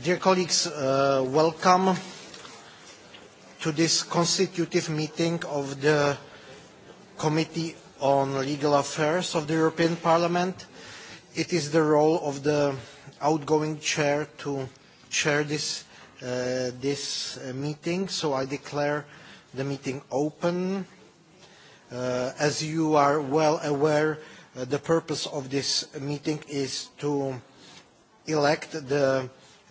Dear colleagues, uh, welcome to this constitutive meeting of the Committee on Legal Affairs of the European Parliament. It is the role of the outgoing chair to chair this, uh, this uh, meeting, so I declare the meeting open. Uh, as you are well aware, uh, the purpose of this meeting is to elect the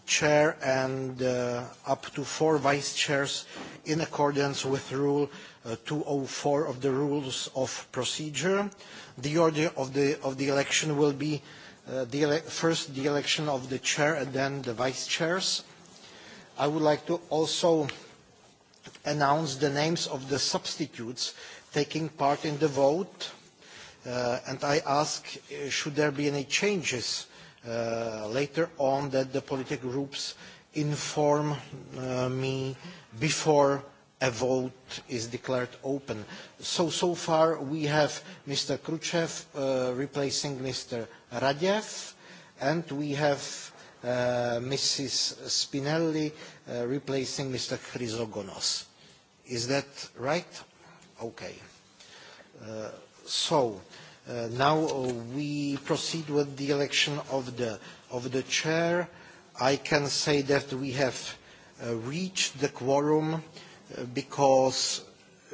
chair and uh, up to four vice chairs in accordance with Rule uh, 204 of the Rules of Procedure. The order of the, of the election will be uh, the first the election of the chair and then the vice chairs. I would like to also announce the names of the substitutes taking part in the vote. Uh, and I ask, uh, should there be any changes Uh, later on that the political groups inform uh, me before a vote is declared open. So, so far we have Mr. Khrushchev uh, replacing Mr. Radev, and we have uh, Mrs. Spinelli uh, replacing Mr. Chrysogonos. Is that right? Okay. Uh, so, uh, Uh, now uh, we proceed with the election of the, of the chair. I can say that we have uh, reached the quorum uh, because,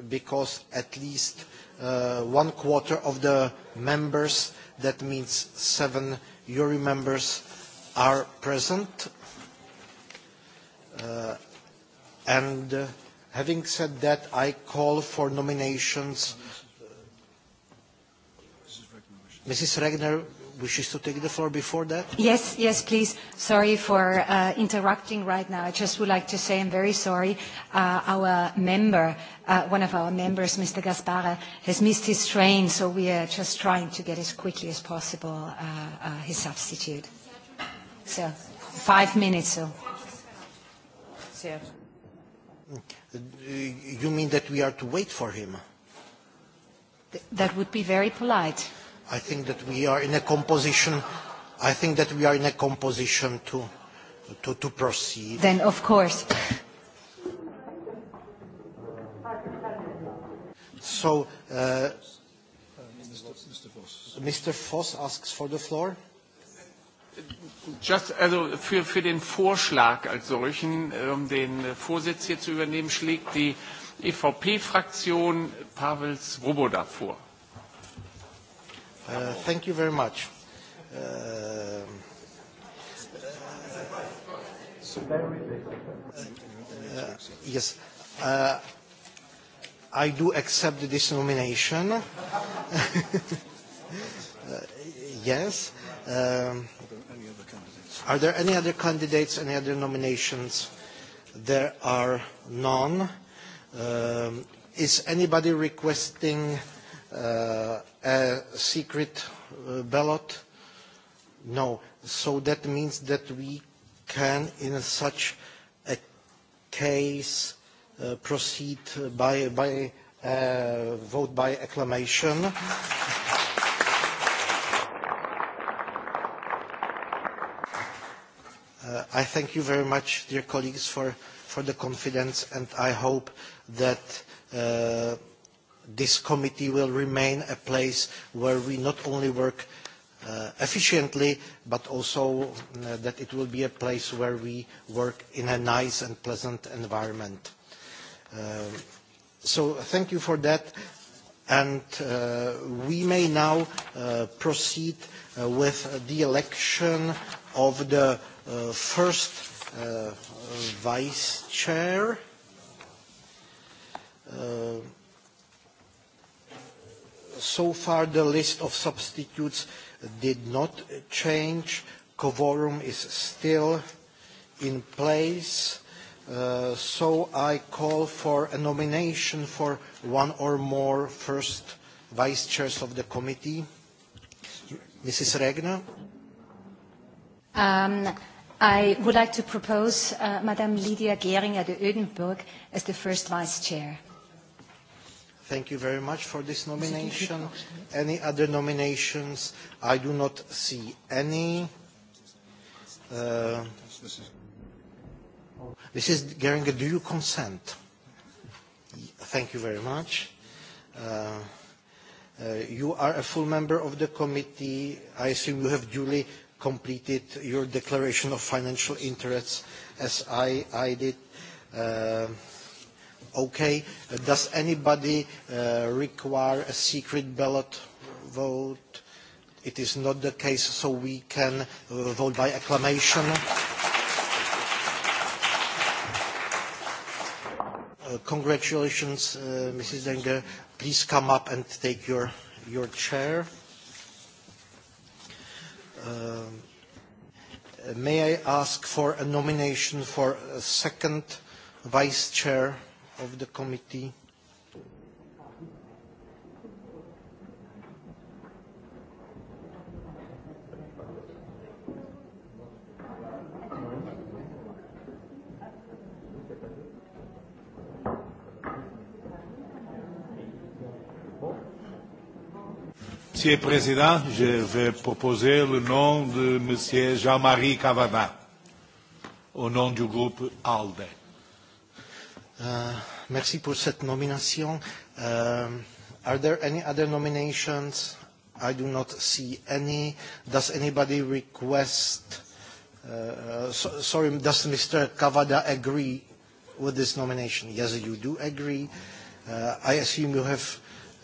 because at least uh, one quarter of the members, that means seven jury members, are present. Uh, and uh, having said that, I call for nominations Mrs. Regner wishes to take the floor before that? Yes, yes, please. Sorry for uh, interrupting right now. I just would like to say I'm very sorry. Uh, our member, uh, one of our members, Mr. Gaspara, has missed his train, so we are just trying to get as quickly as possible uh, uh, his substitute. So, five minutes. So. You mean that we are to wait for him? Th that would be very polite. I think that we are in a composition. I think that we are in a composition to, to, to proceed. Then, of course. So, uh, Mr. Voss asks for the floor. Just, also für, für den Vorschlag als solchen, um den Vorsitz hier zu übernehmen, schlägt die EVP-Fraktion Pavel Svoboda vor. Uh, thank you very much. Uh, uh, yes, uh, I do accept this nomination. uh, yes. Um, are there any other candidates, any other nominations? There are none. Um, is anybody requesting uh, a secret uh, ballot? No. So that means that we can, in such a case, uh, proceed by, by uh, vote by acclamation. Uh, I thank you very much, dear colleagues, for, for the confidence, and I hope that uh, this committee will remain a place where we not only work uh, efficiently, but also uh, that it will be a place where we work in a nice and pleasant environment. Uh, so thank you for that. And uh, we may now uh, proceed with the election of the first vice chair so far the list of substitutes did not change. Quorum is still in place. Uh, so I call for a nomination for one or more first vice chairs of the committee. Mrs. Regner. Um, I would like to propose uh, Madame Lydia Geringer de Oedenburg as the first vice chair. Thank you very much for this nomination. Any other nominations? I do not see any. Uh, Mrs. Geringer, do you consent? Thank you very much. Uh, uh, you are a full member of the committee. I assume you have duly completed your declaration of financial interests as I, I did. Uh, Okay. Uh, does anybody uh, require a secret ballot vote? It is not the case, so we can uh, vote by acclamation. Uh, congratulations, uh, Mrs. Denger. Please come up and take your, your chair. Uh, may I ask for a nomination for a uh, second vice chair of the committee Monsieur le Président, je vais proposer le nom de Monsieur Jean-Marie Cavada au nom du groupe ALDE. Uh, merci pour cette nomination. Uh, are there any other nominations? I do not see any. Does anybody request? Uh, so, sorry, does Mr. Cavada agree with this nomination? Yes, you do agree. Uh, I assume you have,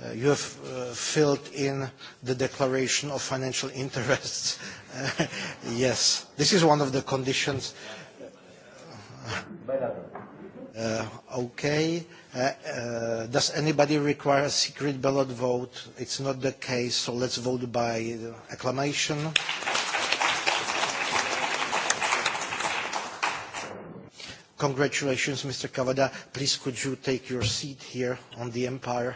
uh, you have uh, filled in the declaration of financial interests. yes, this is one of the conditions. Uh, okay. Uh, uh, does anybody require a secret ballot vote? It's not the case, so let's vote by acclamation. Congratulations, Mr. Kavada. Please could you take your seat here on the empire?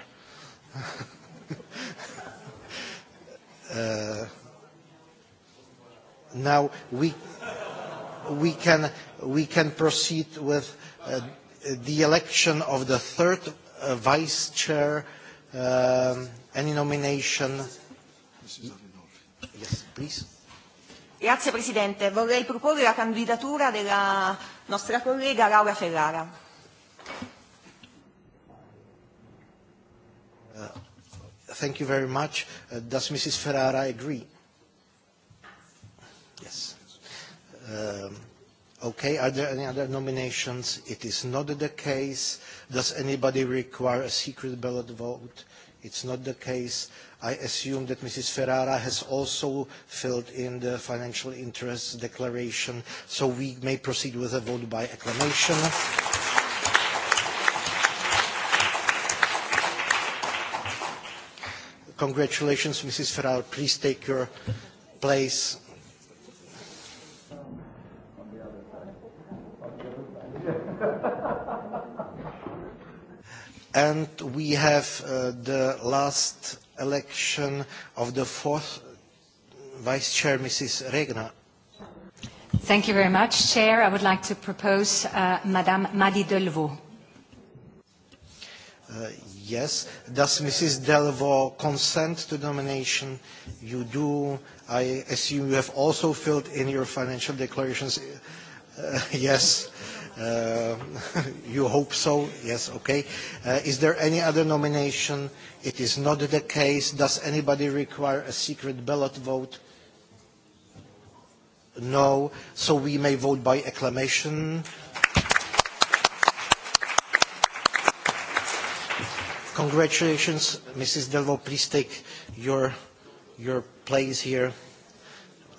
uh, now we, we, can, we can proceed with uh, the election of the third uh, vice chair. Uh, any nomination? Yes, please. Grazie Presidente, vorrei proporre la candidatura della nostra collega Laura Ferrara. Uh, thank you very much. Uh, does Mrs. Ferrara agree? Okay, are there any other nominations? It is not the case. Does anybody require a secret ballot vote? It's not the case. I assume that Mrs. Ferrara has also filled in the financial interests declaration, so we may proceed with a vote by acclamation. Congratulations, Mrs. Ferrara. Please take your place. and we have uh, the last election of the fourth Vice Chair, Mrs. Regner. Thank you very much, Chair. I would like to propose uh, Madame Madi Delvaux. Uh, yes. Does Mrs. Delvaux consent to nomination? You do. I assume you have also filled in your financial declarations Uh, yes. Uh, you hope so? Yes, okay. Uh, is there any other nomination? It is not the case. Does anybody require a secret ballot vote? No. So we may vote by acclamation. Congratulations, Mrs. Delvaux. Please take your, your place here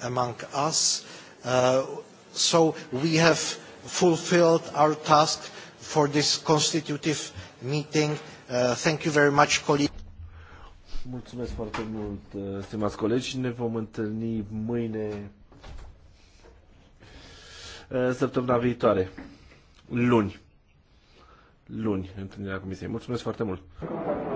among us so we have fulfilled our task for this constitutive meeting. Uh, thank you very much, colleagues. Mulțumesc foarte mult, uh, stimați colegi. Ne vom întâlni mâine, uh, săptămâna viitoare, luni. Luni, întâlnirea comisiei. Mulțumesc foarte mult.